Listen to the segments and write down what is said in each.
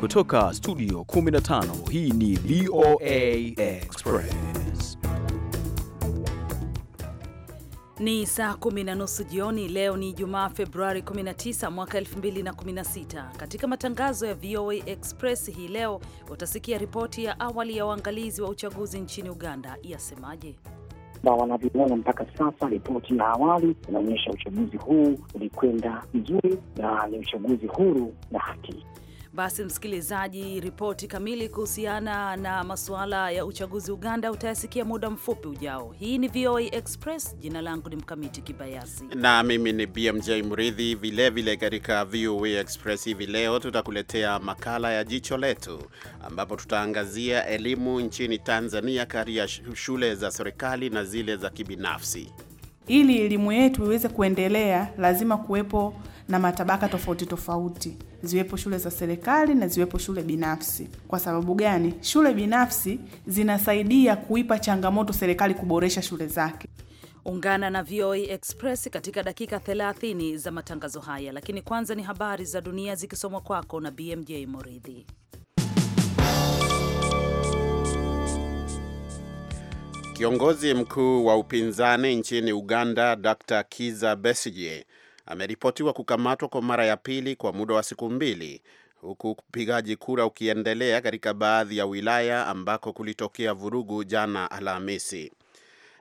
Kutoka studio 15 hii ni VOA Express. Ni saa kumi na nusu jioni. Leo ni jumaa Februari 19 mwaka 2016. Katika matangazo ya VOA Express hii leo utasikia ripoti ya awali ya waangalizi wa uchaguzi nchini Uganda yasemaje wanavyoona mpaka sasa, ripoti ya awali inaonyesha uchaguzi huu ulikwenda vizuri na ni uchaguzi huru na haki. Basi msikilizaji, ripoti kamili kuhusiana na masuala ya uchaguzi Uganda utayasikia muda mfupi ujao. Hii ni VOA Express. Jina langu ni Mkamiti Kibayasi na mimi ni BMJ Mridhi. Vilevile katika VOA Express hivi leo tutakuletea makala ya jicho letu, ambapo tutaangazia elimu nchini Tanzania kati ya shule za serikali na zile za kibinafsi. Ili elimu yetu iweze kuendelea, lazima kuwepo na matabaka tofauti tofauti, ziwepo shule za serikali na ziwepo shule binafsi. Kwa sababu gani? Shule binafsi zinasaidia kuipa changamoto serikali kuboresha shule zake. Ungana na VOA Express katika dakika 30 za matangazo haya, lakini kwanza ni habari za dunia zikisomwa kwako na BMJ Moridhi. Kiongozi mkuu wa upinzani nchini Uganda, Dr Kiza Besigye ameripotiwa kukamatwa kwa mara ya pili kwa muda wa siku mbili huku upigaji kura ukiendelea katika baadhi ya wilaya ambako kulitokea vurugu jana Alhamisi.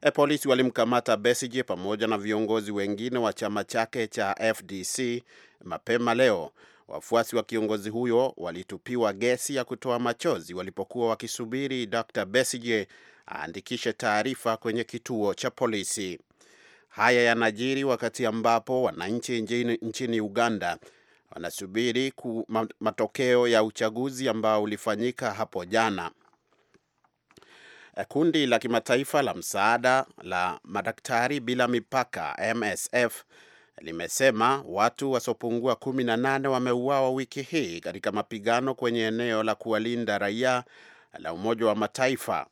E, polisi walimkamata Besigye pamoja na viongozi wengine wa chama chake cha FDC mapema leo. Wafuasi wa kiongozi huyo walitupiwa gesi ya kutoa machozi walipokuwa wakisubiri Dr. Besigye aandikishe taarifa kwenye kituo cha polisi. Haya yanajiri wakati ambapo wananchi nchini Uganda wanasubiri matokeo ya uchaguzi ambao ulifanyika hapo jana. Kundi la kimataifa la msaada la madaktari bila mipaka MSF limesema watu wasiopungua 18 wameuawa wiki hii katika mapigano kwenye eneo la kuwalinda raia la Umoja wa Mataifa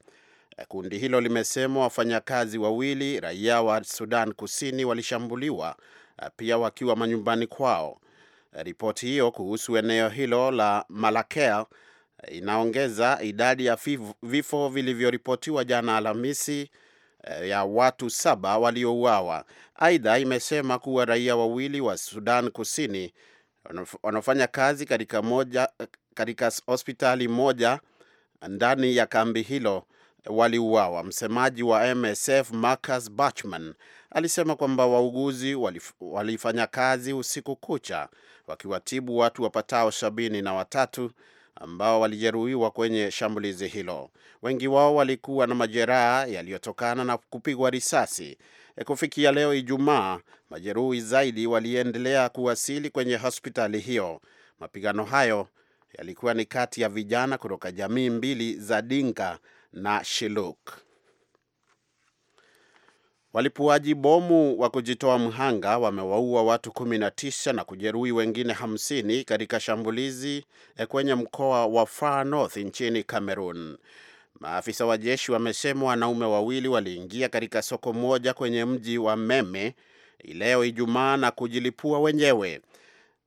Kundi hilo limesema wafanyakazi wawili raia wa Sudan Kusini walishambuliwa eh, pia wakiwa manyumbani kwao. Eh, ripoti hiyo kuhusu eneo hilo la Malakea eh, inaongeza idadi ya vifo vilivyoripotiwa jana Alhamisi ya watu saba waliouawa. Aidha, imesema kuwa raia wawili wa Sudan Kusini wanaofanya kazi katika moja, katika hospitali moja ndani ya kambi hilo waliuawa. Msemaji wa MSF Marcus Bachman alisema kwamba wauguzi walif, walifanya kazi usiku kucha wakiwatibu watu wapatao sabini na watatu ambao walijeruhiwa kwenye shambulizi hilo. Wengi wao walikuwa na majeraha yaliyotokana na kupigwa risasi. E, kufikia leo Ijumaa, majeruhi zaidi waliendelea kuwasili kwenye hospitali hiyo. Mapigano hayo yalikuwa ni kati ya vijana kutoka jamii mbili za Dinka na Shiluk. Walipuaji bomu wa kujitoa mhanga wamewaua watu 19 na kujeruhi wengine 50 katika shambulizi eh, kwenye mkoa wa Far North nchini Cameroon. Maafisa wa jeshi wamesema wanaume wawili waliingia katika soko moja kwenye mji wa Meme leo Ijumaa na kujilipua wenyewe.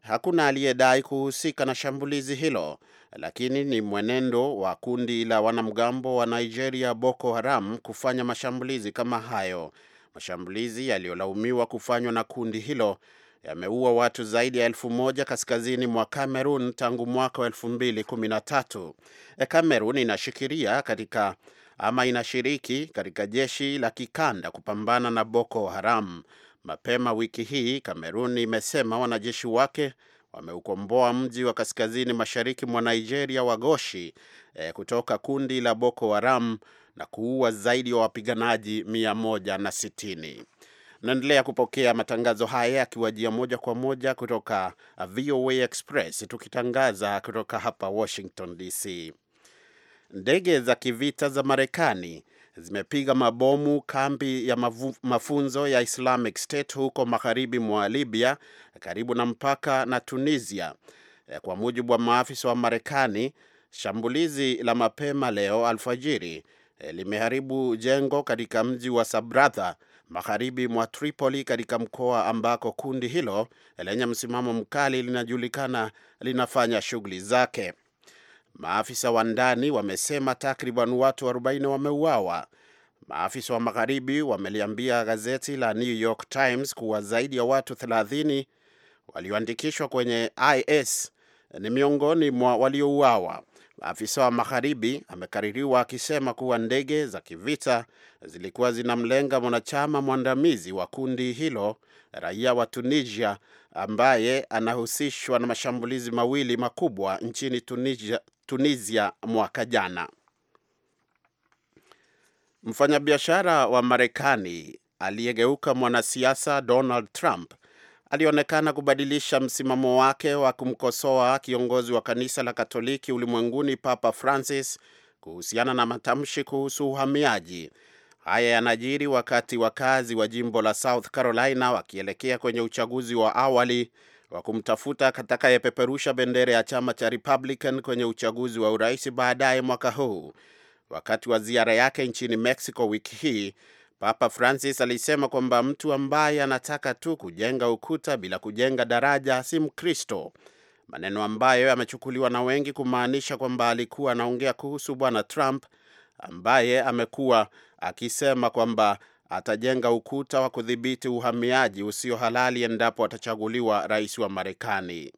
Hakuna aliyedai kuhusika na shambulizi hilo, lakini ni mwenendo wa kundi la wanamgambo wa Nigeria Boko Haram kufanya mashambulizi kama hayo. Mashambulizi yaliyolaumiwa kufanywa na kundi hilo yameua watu zaidi ya elfu moja kaskazini mwa Cameroon tangu mwaka wa elfu mbili kumi na tatu. E, Cameroon inashikiria katika ama inashiriki katika jeshi la kikanda kupambana na Boko Haram. Mapema wiki hii Kamerun imesema wanajeshi wake wameukomboa mji wa kaskazini mashariki mwa Nigeria wa Goshi eh, kutoka kundi la Boko Haram na kuua zaidi ya wa wapiganaji 160. Naendelea kupokea matangazo haya yakiwajia moja kwa moja kutoka VOA Express tukitangaza kutoka hapa Washington DC. Ndege za kivita za Marekani zimepiga mabomu kambi ya mavu, mafunzo ya Islamic State huko magharibi mwa Libya karibu na mpaka na Tunisia, eh, kwa mujibu wa maafisa wa Marekani. Shambulizi la mapema leo alfajiri eh, limeharibu jengo katika mji wa Sabratha magharibi mwa Tripoli katika mkoa ambako kundi hilo eh, lenye msimamo mkali linajulikana linafanya shughuli zake. Maafisa wa ndani wamesema takriban watu 40 wameuawa. Maafisa wa magharibi wameliambia gazeti la New York Times kuwa zaidi ya watu 30 walioandikishwa kwenye IS ni miongoni mwa waliouawa. Afisa wa magharibi amekaririwa akisema kuwa ndege za kivita zilikuwa zinamlenga mwanachama mwandamizi wa kundi hilo raia wa Tunisia ambaye anahusishwa na mashambulizi mawili makubwa nchini Tunisia, Tunisia mwaka jana. Mfanyabiashara wa Marekani aliyegeuka mwanasiasa Donald Trump alionekana kubadilisha msimamo wake wa kumkosoa kiongozi wa kanisa la Katoliki ulimwenguni Papa Francis kuhusiana na matamshi kuhusu uhamiaji Haya yanajiri wakati wakazi wa jimbo la South Carolina wakielekea kwenye uchaguzi wa awali wa kumtafuta atakayepeperusha bendera ya chama cha Republican kwenye uchaguzi wa urais baadaye mwaka huu. Wakati wa ziara yake nchini Mexico wiki hii, Papa Francis alisema kwamba mtu ambaye anataka tu kujenga ukuta bila kujenga daraja si Mkristo, maneno ambayo yamechukuliwa na wengi kumaanisha kwamba alikuwa anaongea kuhusu Bwana Trump ambaye amekuwa akisema kwamba atajenga ukuta wa kudhibiti uhamiaji usio halali endapo atachaguliwa rais wa Marekani.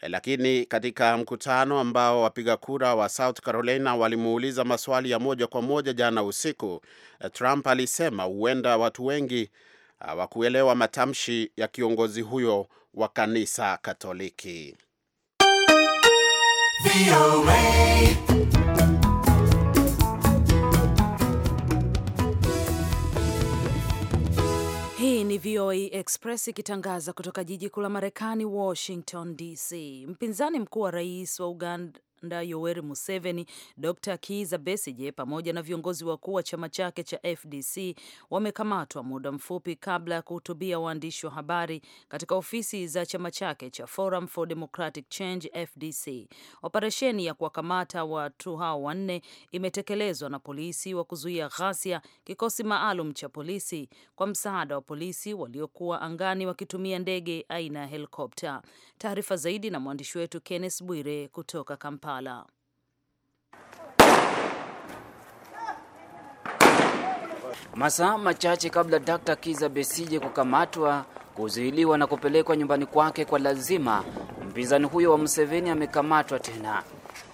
Lakini katika mkutano ambao wapiga kura wa South Carolina walimuuliza maswali ya moja kwa moja jana usiku, Trump alisema huenda watu wengi hawakuelewa matamshi ya kiongozi huyo wa kanisa Katoliki. VOA Express ikitangaza kutoka jiji kuu la Marekani, Washington DC. Mpinzani mkuu wa rais wa Uganda Yoweri Museveni, Dr. Kiza Besije pamoja na viongozi wakuu wa chama chake cha FDC wamekamatwa muda mfupi kabla ya kuhutubia waandishi wa habari katika ofisi za chama chake cha Forum for Democratic Change FDC. Operesheni ya kuwakamata watu hao wanne imetekelezwa na polisi wa kuzuia ghasia, kikosi maalum cha polisi kwa msaada wa polisi waliokuwa angani wakitumia ndege aina ya helikopta. Taarifa zaidi na mwandishi wetu Kenneth Bwire kutoka Kampala. Kampala. Masaa machache kabla Dr. Kiza Besije kukamatwa, kuzuiliwa na kupelekwa nyumbani kwake kwa lazima, mpinzani huyo wa Museveni amekamatwa tena.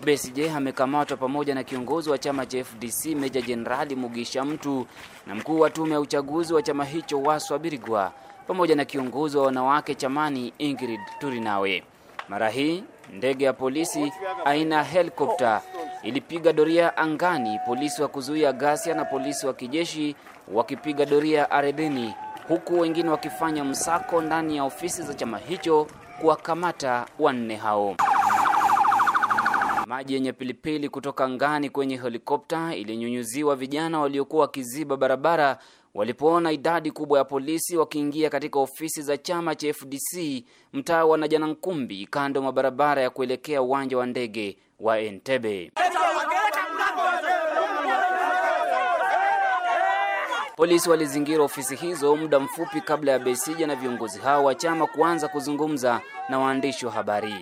Besije amekamatwa pamoja na kiongozi wa chama cha FDC Meja Jenerali Mugisha Mtu na mkuu wa tume ya uchaguzi wa chama hicho Waswa Birigwa pamoja na kiongozi wa wanawake chamani Ingrid Turinawe. Mara hii ndege ya polisi aina ya helikopta ilipiga doria angani, polisi wa kuzuia ghasia na polisi wa kijeshi wakipiga doria ardhini, huku wengine wakifanya msako ndani ya ofisi za chama hicho kuwakamata wanne hao. Maji yenye pilipili kutoka angani kwenye helikopta ilinyunyuziwa vijana waliokuwa wakiziba barabara Walipoona idadi kubwa ya polisi wakiingia katika ofisi za chama cha FDC mtaa wa Najjanankumbi, kando mwa barabara ya kuelekea uwanja wa ndege wa Entebbe. Polisi walizingira ofisi hizo muda mfupi kabla ya besija na viongozi hao wa chama kuanza kuzungumza na waandishi wa habari.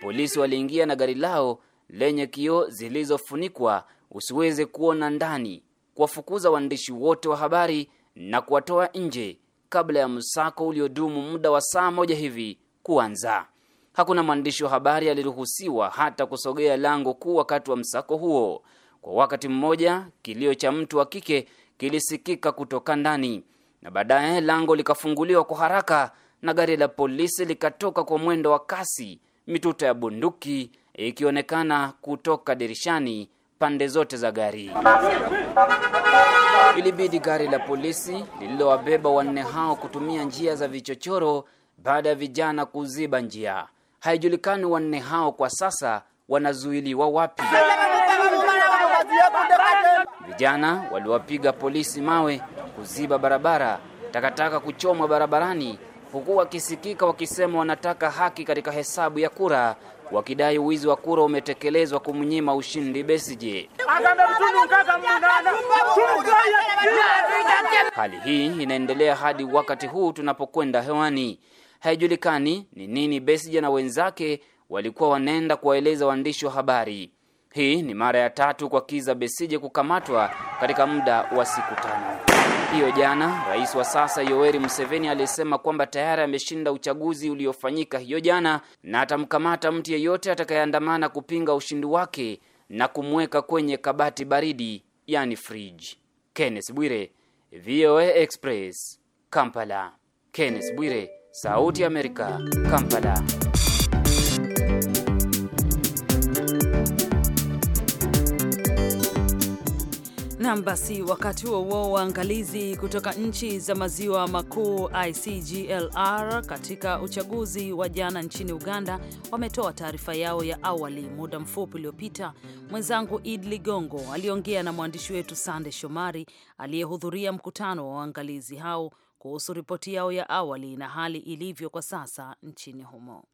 Polisi waliingia na gari lao lenye kioo zilizofunikwa usiweze kuona ndani, kuwafukuza waandishi wote wa habari na kuwatoa nje kabla ya msako uliodumu muda wa saa moja hivi kuanza. Hakuna mwandishi wa habari aliruhusiwa hata kusogea lango kuu wakati wa msako huo. Kwa wakati mmoja, kilio cha mtu wa kike kilisikika kutoka ndani, na baadaye lango likafunguliwa kwa haraka na gari la polisi likatoka kwa mwendo wa kasi, mituta ya bunduki ikionekana kutoka dirishani pande zote za gari. Ilibidi gari la polisi lililowabeba wanne hao kutumia njia za vichochoro baada ya vijana kuziba njia. Haijulikani wanne hao kwa sasa wanazuiliwa wapi. Vijana waliwapiga polisi mawe, kuziba barabara, takataka kuchomwa barabarani, huku wakisikika wakisema wanataka haki katika hesabu ya kura wakidai wizi wa kura umetekelezwa kumnyima ushindi Besigye. Hali hii inaendelea hadi wakati huu tunapokwenda hewani. Haijulikani ni nini Besigye na wenzake walikuwa wanaenda kuwaeleza waandishi wa habari. Hii ni mara ya tatu kwa Kiza Besigye kukamatwa katika muda wa siku tano hiyo jana, rais wa sasa Yoweri Museveni alisema kwamba tayari ameshinda uchaguzi uliofanyika hiyo jana na atamkamata mtu yeyote atakayeandamana kupinga ushindi wake na kumweka kwenye kabati baridi, yani fridge. Kenneth Bwire, VOA Express, Kampala. Kenneth Bwire, Sauti ya Amerika, Kampala. Nam basi, wakati huo huo, waangalizi kutoka nchi za maziwa makuu ICGLR katika uchaguzi wa jana nchini Uganda wametoa taarifa yao ya awali muda mfupi uliopita. Mwenzangu Id Ligongo aliongea na mwandishi wetu Sande Shomari aliyehudhuria mkutano wa waangalizi hao kuhusu ripoti yao ya awali na hali ilivyo kwa sasa nchini humo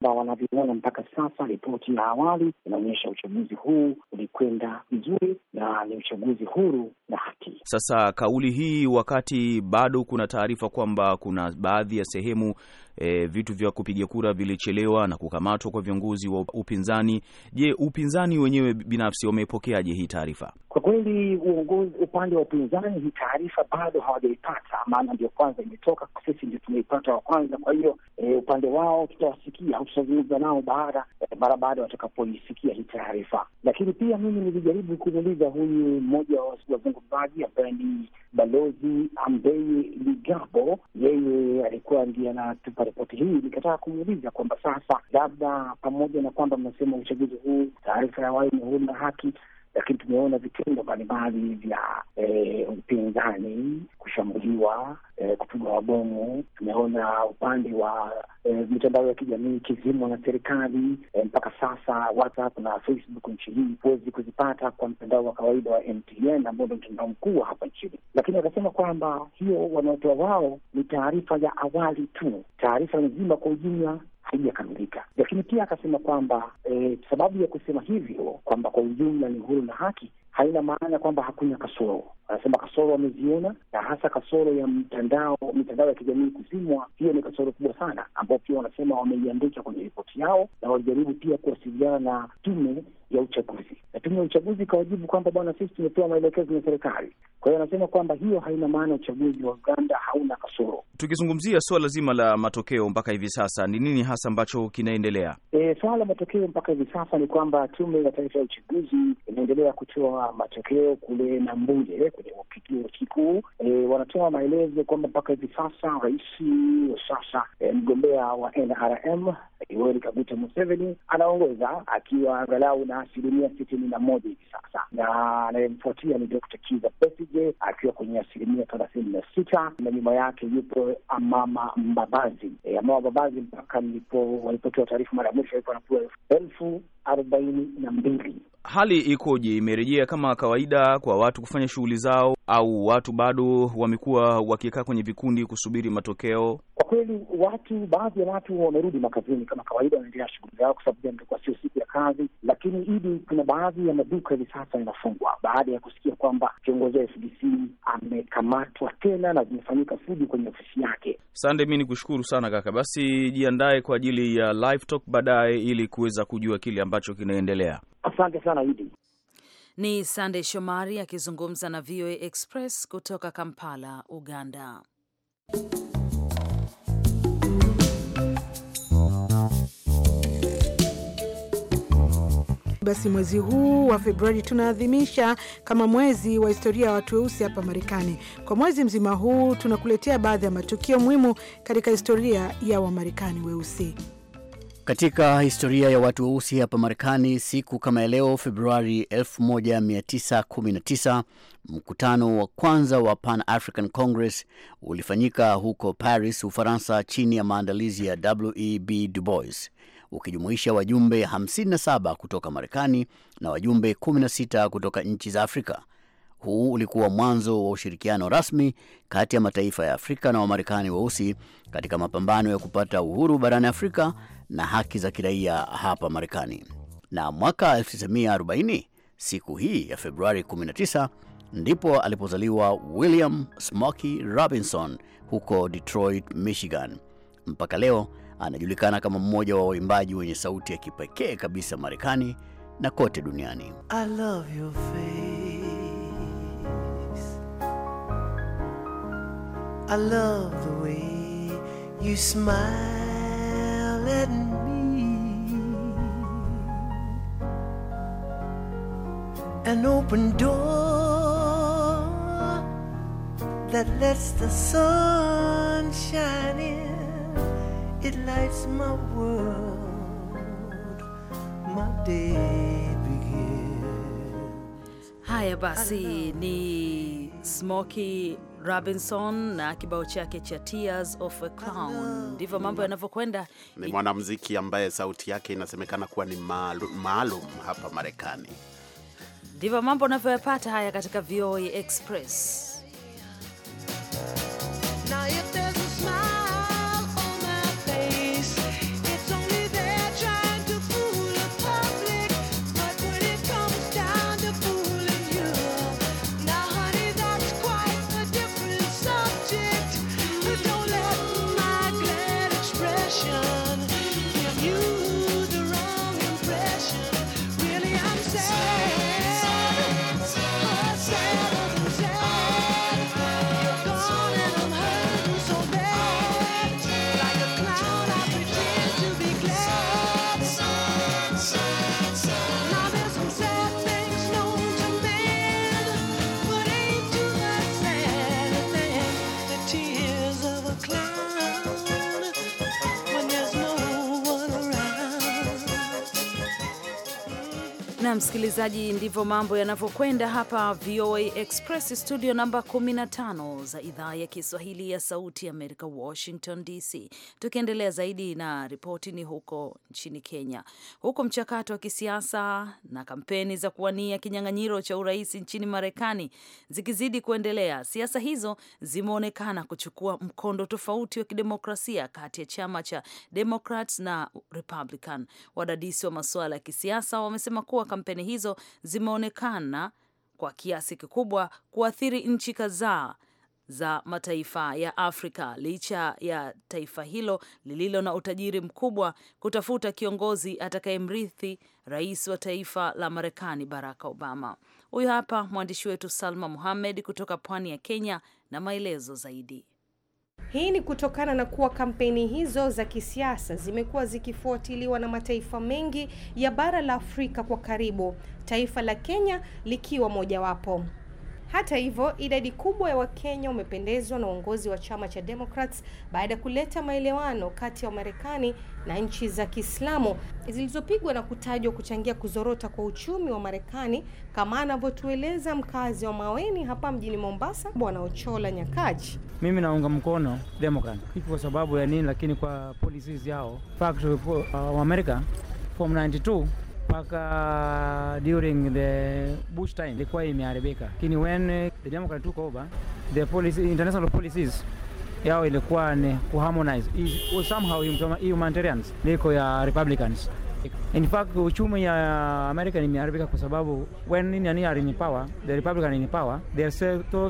ambao wanavyoona mpaka sasa. Ripoti ya awali inaonyesha uchaguzi huu ulikwenda vizuri na ni uchaguzi huru na haki. Sasa kauli hii, wakati bado kuna taarifa kwamba kuna baadhi ya sehemu e, vitu vya kupiga kura vilichelewa na kukamatwa kwa viongozi wa upinzani. Je, upinzani wenyewe binafsi wamepokeaje hii taarifa? Kwa kweli uongozi, upande wa upinzani hii taarifa bado hawajaipata, maana ndio kwanza imetoka, sisi ndio tumeipata wa kwanza. Kwa hiyo e, upande wao tutawasikia au tutazungumza nao baada e, mara baada watakapoisikia hii taarifa. Lakini pia mimi nilijaribu kumuuliza huyu mmoja wa wazungumzaji ambaye ni Balozi Ambeye Ligabo, yeye alikuwa ndiye anatupa ripoti hii. Nikataka kumuuliza kwamba sasa, labda pamoja na kwamba mnasema uchaguzi huu, taarifa ya awali ni huru na haki lakini tumeona vitendo mbalimbali vya eh, upinzani kushambuliwa eh, kupigwa mabomu. Tumeona upande wa eh, mitandao ya kijamii ikizimwa na serikali eh, mpaka sasa WhatsApp na Facebook nchi hii huwezi kuzipata kwa mtandao wa kawaida wa MTN ambao ndio mtandao mkuu hapa nchini. Lakini wakasema kwamba hiyo wanaotoa wao ni taarifa ya awali tu, taarifa nzima kwa ujumla haijakamilika. Lakini pia akasema kwamba e, sababu ya kusema hivyo kwamba kwa ujumla ni uhuru na haki haina maana kwamba hakuna kasoro. Anasema kasoro wameziona na hasa kasoro ya mtandao, mitandao ya kijamii kuzimwa, hiyo ni kasoro kubwa sana, ambao pia wanasema wameiandika kwenye ripoti yao na walijaribu pia kuwasiliana na tume ya uchaguzi, na tume ya uchaguzi ikawajibu kwamba bwana, sisi tumepewa maelekezo na serikali. Kwa hiyo anasema kwamba hiyo haina maana uchaguzi wa Uganda hauna kasoro. Tukizungumzia suala zima la matokeo mpaka hivi sasa, ni nini hasa ambacho kinaendelea? E, suala la matokeo mpaka hivi sasa ni kwamba tume ya taifa ya uchaguzi inaendelea kutoa matokeo kule na kwenye kituo kikuu. E, wanatoa maelezo kwamba mpaka hivi sasa rais wa sasa e, mgombea wa NRM Yoweri Kaguta Museveni anaongoza akiwa angalau na asilimia sitini na moja hivi sasa, na anayemfuatia ni Dr. Kiza Besige akiwa kwenye asilimia thelathini na sita na nyuma yake yupo Amama Mbabazi. E, Amama Mbabazi mpaka walipotoa taarifa mara ya mwisho alikuwa anapewa elfu arobaini na mbili hali ikoje? Imerejea kama kawaida kwa watu kufanya shughuli zao, au watu bado wamekuwa wakikaa kwenye vikundi kusubiri matokeo? Kwa kweli, watu baadhi ya watu wamerudi makazini kama kawaida, wanaendelea shughuli zao, kwa sababu imekuwa sio siku ya kazi. Lakini Idi, kuna baadhi ya maduka hivi sasa yanafungwa baada ya kusikia kwamba kiongozi wa FDC amekamatwa tena na zimefanyika fujo kwenye ofisi yake. Sande, mi ni kushukuru sana kaka. Basi jiandae kwa ajili ya live talk baadaye, ili kuweza kujua kile ambacho kinaendelea. Asante sana Idi. Ni Sandey Shomari akizungumza na VOA Express kutoka Kampala, Uganda. Basi mwezi huu wa Februari tunaadhimisha kama mwezi wa historia ya watu weusi hapa Marekani. Kwa mwezi mzima huu tunakuletea baadhi ya matukio muhimu katika historia ya Wamarekani weusi. Katika historia ya watu weusi hapa Marekani, siku kama yaleo leo Februari 1919 mkutano wa kwanza wa Pan African Congress ulifanyika huko Paris, Ufaransa, chini ya maandalizi ya WEB Du Bois, ukijumuisha wajumbe 57 kutoka Marekani na wajumbe 16 kutoka nchi za Afrika. Huu ulikuwa mwanzo wa ushirikiano rasmi kati ya mataifa ya Afrika na Wamarekani weusi wa katika mapambano ya kupata uhuru barani Afrika na haki za kiraia hapa Marekani. Na mwaka 1940 siku hii ya Februari 19 ndipo alipozaliwa William Smoky Robinson huko Detroit, Michigan. Mpaka leo anajulikana kama mmoja wa waimbaji wenye sauti ya kipekee kabisa Marekani na kote duniani. I love your face. I love the way you smile. letting me an open door that lets the sun shine in. It lights my world, my day begins. Haya basi ni Smoky Robinson na kibao chake cha Tears of a Clown. Ndivyo mambo yanavyokwenda. Ni mwanamuziki ambaye sauti yake inasemekana kuwa ni maalum hapa Marekani. Ndivyo mambo anavyoyapata haya katika VOA Express. na msikilizaji, ndivyo mambo yanavyokwenda hapa VOA Express, studio namba 15 za idhaa ya Kiswahili ya Sauti ya Amerika, Washington DC. Tukiendelea zaidi na ripoti, ni huko nchini Kenya. Huko mchakato wa kisiasa na kampeni za kuwania kinyang'anyiro cha urais nchini Marekani zikizidi kuendelea, siasa hizo zimeonekana kuchukua mkondo tofauti wa kidemokrasia kati ya chama cha Democrats na Republican. Wadadisi wa masuala ya kisiasa wamesema kuwa kampeni hizo zimeonekana kwa kiasi kikubwa kuathiri nchi kadhaa za mataifa ya Afrika licha ya taifa hilo lililo na utajiri mkubwa kutafuta kiongozi atakayemrithi rais wa taifa la Marekani Barack Obama. Huyu hapa mwandishi wetu Salma Muhamed kutoka pwani ya Kenya na maelezo zaidi. Hii ni kutokana na kuwa kampeni hizo za kisiasa zimekuwa zikifuatiliwa na mataifa mengi ya bara la Afrika kwa karibu, taifa la Kenya likiwa mojawapo. Hata hivyo, idadi kubwa ya Wakenya wamependezwa na uongozi wa chama cha Democrats baada ya kuleta maelewano kati ya marekani na nchi za Kiislamu zilizopigwa na kutajwa kuchangia kuzorota kwa uchumi wa Marekani, kama anavyotueleza mkazi wa Maweni hapa mjini Mombasa, Bwana Ochola Nyakaji. Mimi naunga mkono Democrat kwa sababu ya nini? Lakini kwa policies yao fact wa uh, America form 92 mpaka during the Bush time ilikuwa imeharibika, lakini when eh, the Democrat took over the policy, international policies yao ilikuwa ni kuharmonize somehow humanitarians liko ya Republicans. In fact, uchumi ya Amerika imeharibika kwa sababu when nini nani are in power, the Republican in power, they are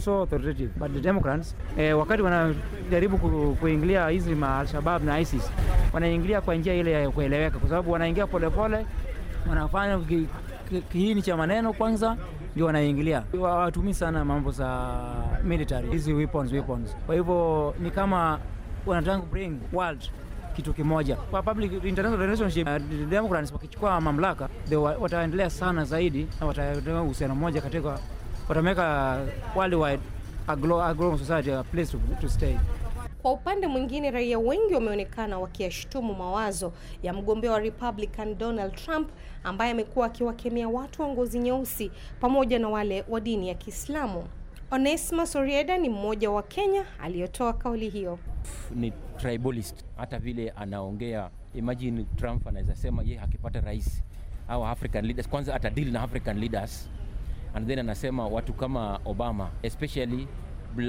so authoritative. But the Democrats eh, wakati wanajaribu kuingilia hizi ma Al-Shabaab na ISIS, wanaingilia kwa njia ile ya kueleweka kwa sababu wanaingia polepole pole, wanafanya kiini cha maneno kwanza ndio wanaingilia. Hawatumii sana mambo za military hizi weapons weapons. Kwa hivyo ni kama wanataka bring world kitu kimoja kwa public international relationship. Uh, Democrats wakichukua mamlaka wataendelea sana zaidi na wataendelea uhusiano mmoja katika watameka worldwide a global society a place to, to stay. Kwa upande mwingine, raia wengi wameonekana wakiyashutumu mawazo ya mgombea wa Republican Donald Trump ambaye amekuwa akiwakemea watu wa ngozi nyeusi pamoja na wale wa dini ya Kiislamu. Onesmus Orieda ni mmoja wa Kenya aliyotoa kauli hiyo. Ni tribalist, hata vile anaongea. Imagine Trump anaweza sema yeye akipata rais au African leaders kwanza, ata deal na African leaders and then anasema watu kama Obama especially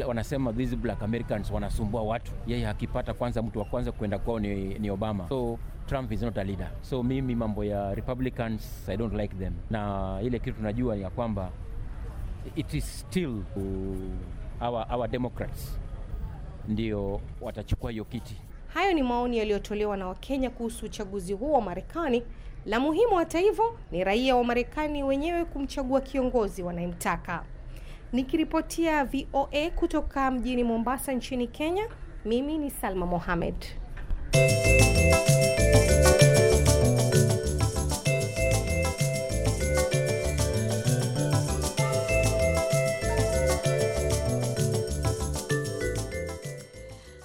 wanasema these black Americans wanasumbua watu. Yeye akipata kwanza, mtu wa kwanza kwenda kwao ni, ni Obama. So Trump is not a leader. So mimi mambo ya Republicans I don't like them, na ile kitu tunajua ya kwamba it is still uh, our, our Democrats ndio watachukua hiyo kiti. Hayo ni maoni yaliyotolewa na Wakenya kuhusu uchaguzi huo wa Marekani. La muhimu hata hivyo ni raia wa Marekani wenyewe kumchagua kiongozi wanayemtaka. Nikiripotia VOA kutoka mjini Mombasa nchini Kenya, mimi ni Salma Mohamed.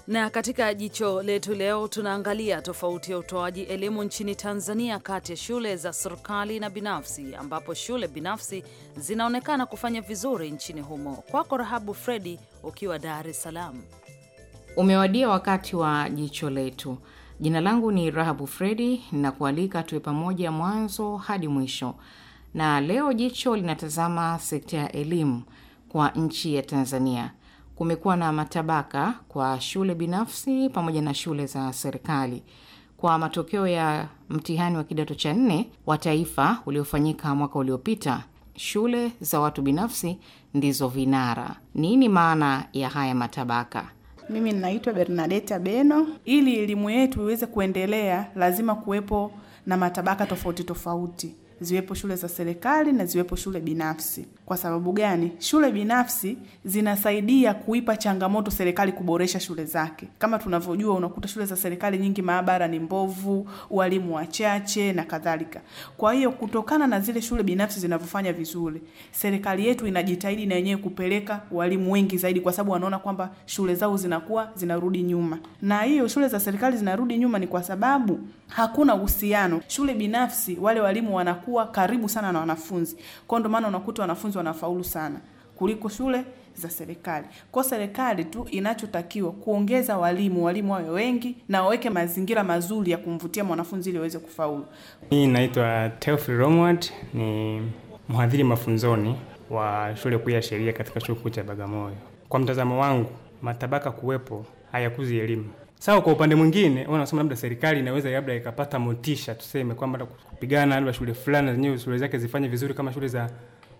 Na katika jicho letu leo tunaangalia tofauti ya utoaji elimu nchini Tanzania kati ya shule za serikali na binafsi, ambapo shule binafsi zinaonekana kufanya vizuri nchini humo. Kwako Rahabu Fredi ukiwa Dar es Salaam. Umewadia wakati wa jicho letu. Jina langu ni Rahabu Fredi na kualika tuwe pamoja mwanzo hadi mwisho. Na leo jicho linatazama sekta ya elimu kwa nchi ya Tanzania kumekuwa na matabaka kwa shule binafsi pamoja na shule za serikali. Kwa matokeo ya mtihani wa kidato cha nne wa taifa uliofanyika mwaka uliopita, shule za watu binafsi ndizo vinara. Nini maana ya haya matabaka? Mimi ninaitwa Bernadeta Beno. Ili elimu yetu iweze kuendelea, lazima kuwepo na matabaka tofauti tofauti ziwepo shule za serikali na ziwepo shule binafsi. Kwa sababu gani? Shule binafsi zinasaidia kuipa changamoto serikali kuboresha shule zake. Kama tunavyojua, unakuta shule za serikali nyingi maabara ni mbovu, walimu wachache na kadhalika. Kwa hiyo kutokana na zile shule binafsi zinavyofanya vizuri, serikali yetu inajitahidi na yenyewe kupeleka walimu wengi zaidi, kwa sababu wanaona kwamba shule zao zinakuwa zinarudi nyuma. Na hiyo shule za serikali zinarudi nyuma ni kwa sababu hakuna uhusiano. Shule binafsi wale walimu wana anakuwa karibu sana na wanafunzi. Kwa ndio maana unakuta wanafunzi wanafaulu sana kuliko shule za serikali. Kwa serikali tu inachotakiwa kuongeza walimu, walimu wawe wengi na waweke mazingira mazuri ya kumvutia mwanafunzi ili aweze kufaulu. Mimi naitwa Theophil Romward, ni mhadhiri mafunzoni wa shule kuu ya sheria katika chuo kuu cha Bagamoyo. Kwa mtazamo wangu, matabaka kuwepo hayakuzi elimu. Sawa, kwa upande mwingine wanasema labda serikali inaweza labda ikapata motisha, tuseme kwamba kupigana labda shule fulani zenyewe shule zake zifanye vizuri kama shule za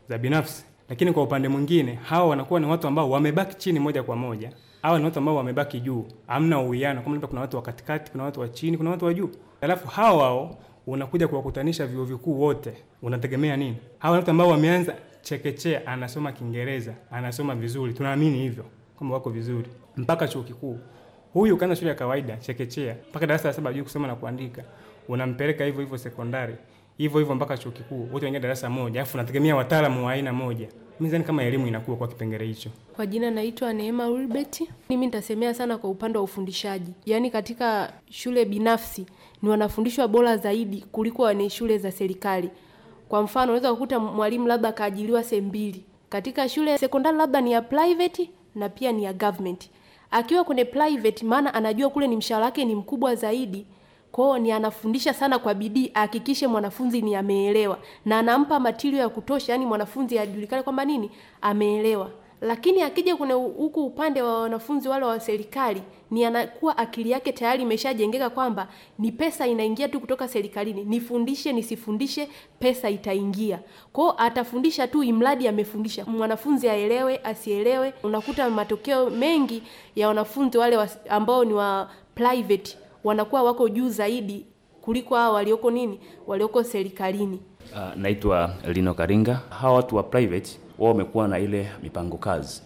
za binafsi, lakini kwa upande mwingine hawa wanakuwa ni watu ambao wamebaki chini moja kwa moja. Hawa ni watu ambao wamebaki juu, hamna uwiano. Kama labda kuna watu wa katikati, kuna watu wa chini, kuna watu wa juu, alafu hawa wao unakuja kuwakutanisha vyuo vikuu wote, unategemea nini? Hawa watu ambao wameanza chekechea, anasoma Kiingereza, anasoma vizuri, tunaamini hivyo kama wako vizuri mpaka chuo kikuu Huyu kana shule ya kawaida chekechea mpaka darasa la saba ajui kusoma na kuandika, unampeleka hivyo hivyo sekondari, hivyo hivyo mpaka chuo kikuu, wote wengine darasa moja, alafu unategemea wataalamu wa aina moja. Mizani kama elimu inakuwa kwa kipengele hicho. Kwa jina naitwa Neema Wilbert. Mimi nitasemea sana kwa upande wa ufundishaji, yaani katika shule binafsi ni wanafundishwa bora zaidi kuliko ni shule za serikali. Kwa mfano, unaweza kukuta mwalimu labda kaajiliwa sehemu mbili, katika shule sekondari labda ni ya private na pia ni ya government akiwa kwenye private, maana anajua kule ni mshahara wake ni mkubwa zaidi. Kwao ni anafundisha sana kwa bidii, ahakikishe mwanafunzi ni ameelewa, na anampa matirio ya kutosha, yani mwanafunzi ajulikane kwamba nini ameelewa. Lakini akija kwenye huku upande wa wanafunzi wale wa serikali ni anakuwa akili yake tayari imeshajengeka kwamba ni pesa inaingia tu kutoka serikalini, nifundishe nisifundishe, pesa itaingia. Kwao atafundisha tu imradi amefundisha, mwanafunzi aelewe asielewe. Unakuta matokeo mengi ya wanafunzi wale wa, ambao ni wa private wanakuwa wako juu zaidi kuliko hao walioko nini, walioko serikalini. Uh, naitwa Lino Karinga. Hawa watu wa private wao wamekuwa na ile mipango kazi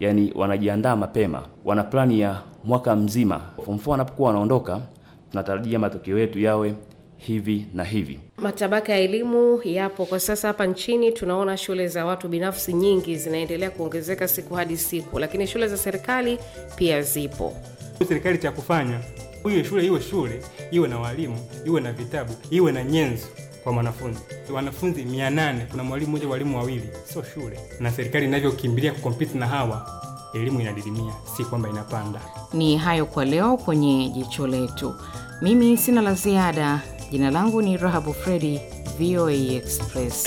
yani wanajiandaa mapema, wana plani ya mwaka mzima. Form wanapokuwa wanaondoka, tunatarajia matokeo yetu yawe hivi na hivi. Matabaka ya elimu yapo kwa sasa hapa nchini. Tunaona shule za watu binafsi nyingi zinaendelea kuongezeka siku hadi siku, lakini shule za serikali pia zipo. Serikali cha kufanya huyo shule iwe shule, iwe na walimu, iwe na vitabu, iwe na nyenzo kwa mwanafunzi. Wanafunzi 800 kuna mwalimu mmoja, walimu wawili, sio shule. Na serikali inavyokimbilia kukompiti na hawa, elimu inadidimia, si kwamba inapanda. Ni hayo kwa leo kwenye jicho letu. Mimi sina la ziada. Jina langu ni Rahabu Fredi, VOA Express.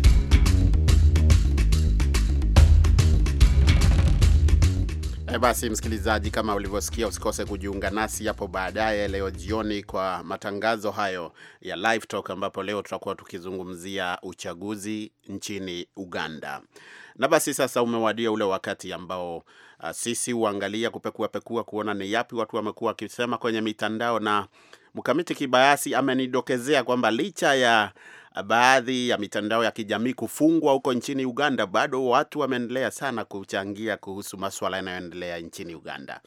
E, basi msikilizaji, kama ulivyosikia, usikose kujiunga nasi hapo baadaye leo jioni kwa matangazo hayo ya Live Talk, ambapo leo tutakuwa tukizungumzia uchaguzi nchini Uganda. Na basi sasa umewadia ule wakati ambao a, uh, sisi huangalia kupekuapekua kuona ni yapi watu wamekuwa wakisema kwenye mitandao, na mkamiti Kibayasi amenidokezea kwamba licha ya baadhi ya mitandao ya kijamii kufungwa huko nchini Uganda, bado watu wameendelea sana kuchangia kuhusu masuala yanayoendelea nchini Uganda.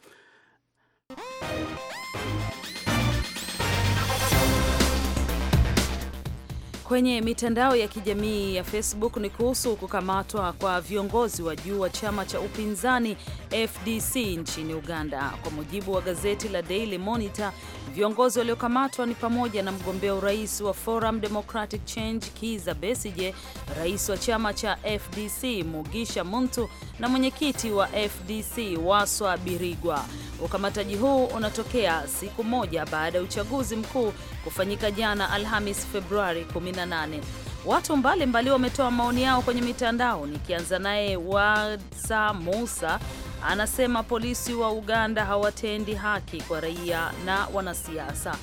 kwenye mitandao ya kijamii ya Facebook ni kuhusu kukamatwa kwa viongozi wa juu wa chama cha upinzani FDC nchini Uganda. Kwa mujibu wa gazeti la Daily Monitor, viongozi waliokamatwa ni pamoja na mgombea urais wa Forum Democratic Change Kiza Besije, rais wa chama cha FDC Mugisha Muntu na mwenyekiti wa FDC Waswa Birigwa. Ukamataji huu unatokea siku moja baada ya uchaguzi mkuu kufanyika jana Alhamis Februari 10 18. Watu mbalimbali wametoa maoni yao kwenye mitandao, nikianza naye wasa Musa anasema polisi wa Uganda hawatendi haki kwa raia na wanasiasa.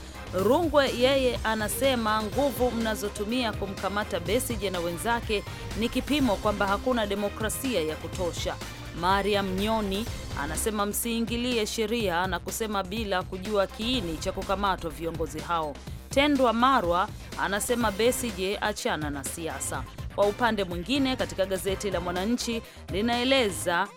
Rungwe yeye anasema nguvu mnazotumia kumkamata Besigye na wenzake ni kipimo kwamba hakuna demokrasia ya kutosha. Mariam Nyoni anasema msiingilie sheria na kusema bila kujua kiini cha kukamatwa viongozi hao. Tendwa Marwa anasema je achana na siasa. Kwa upande mwingine, katika gazeti la Mwananchi linaeleza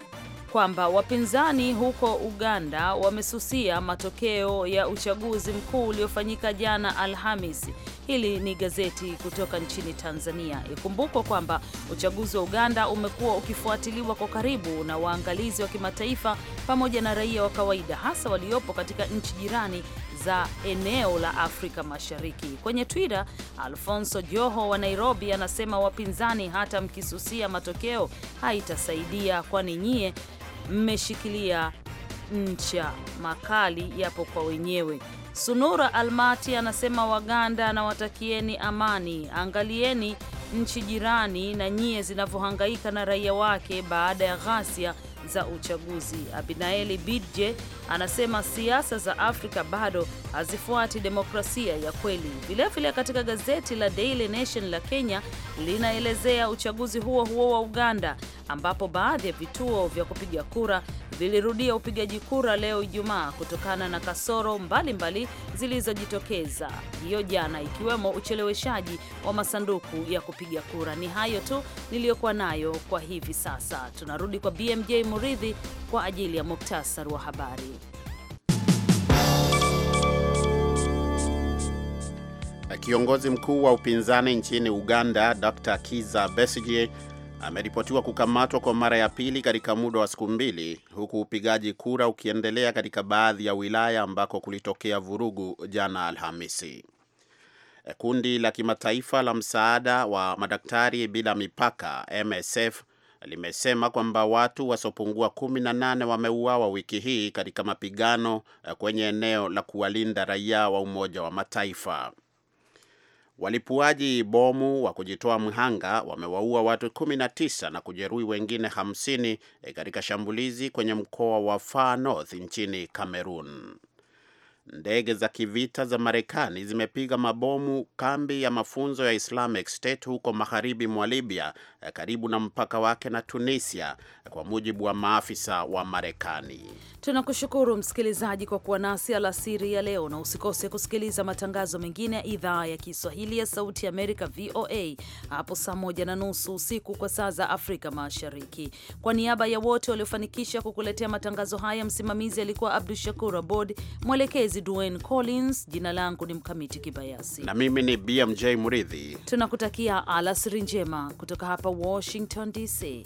kwamba wapinzani huko Uganda wamesusia matokeo ya uchaguzi mkuu uliofanyika jana alhamis Hili ni gazeti kutoka nchini Tanzania. Ikumbukwa kwamba uchaguzi wa Uganda umekuwa ukifuatiliwa kwa karibu na waangalizi wa kimataifa pamoja na raia wa kawaida, hasa waliopo katika nchi jirani za eneo la Afrika Mashariki. Kwenye Twitter, Alfonso Joho wa Nairobi anasema wapinzani, hata mkisusia matokeo haitasaidia, kwani nyie mmeshikilia ncha, makali yapo kwa wenyewe. Sunura Almati anasema Waganda nawatakieni amani, angalieni nchi jirani na nyie zinavyohangaika na raia wake baada ya ghasia za uchaguzi. Abinaeli Bidje anasema siasa za Afrika bado hazifuati demokrasia ya kweli. Vilevile katika gazeti la Daily Nation la Kenya linaelezea uchaguzi huo huo wa Uganda ambapo baadhi ya vituo vya kupiga kura vilirudia upigaji kura leo Ijumaa kutokana na kasoro mbalimbali zilizojitokeza hiyo jana, ikiwemo ucheleweshaji wa masanduku ya kupiga kura. Ni hayo tu niliyokuwa nayo kwa hivi sasa. Tunarudi kwa BMJ Muridhi kwa ajili ya muktasari wa habari. Kiongozi mkuu wa upinzani nchini Uganda, Dr Kiza Besigye ameripotiwa kukamatwa kwa mara ya pili katika muda wa siku mbili, huku upigaji kura ukiendelea katika baadhi ya wilaya ambako kulitokea vurugu jana Alhamisi. Kundi la kimataifa la msaada wa madaktari bila mipaka MSF limesema kwamba watu wasiopungua 18 wameuawa wiki hii katika mapigano kwenye eneo la kuwalinda raia wa Umoja wa Mataifa. Walipuaji bomu wa kujitoa mhanga wamewaua watu 19 na kujeruhi wengine 50 eh, katika shambulizi kwenye mkoa wa Far North nchini Cameroon ndege za kivita za Marekani zimepiga mabomu kambi ya mafunzo ya Islamic State huko magharibi mwa Libya, eh, karibu na mpaka wake na Tunisia, eh, kwa mujibu wa maafisa wa Marekani. Tunakushukuru msikilizaji kwa kuwa nasi alasiri ya leo, na usikose kusikiliza matangazo mengine ya idhaa ya Kiswahili ya Sauti ya Amerika, VOA, hapo saa moja na nusu usiku kwa saa za Afrika Mashariki. Kwa niaba ya wote waliofanikisha kukuletea matangazo haya, msimamizi alikuwa Abdu Shakur Abod, mwelekezi mkurugenzi Dwayne Collins. Jina langu ni Mkamiti Kibayasi na mimi ni BMJ Muridhi. Tunakutakia alasiri njema kutoka hapa Washington DC.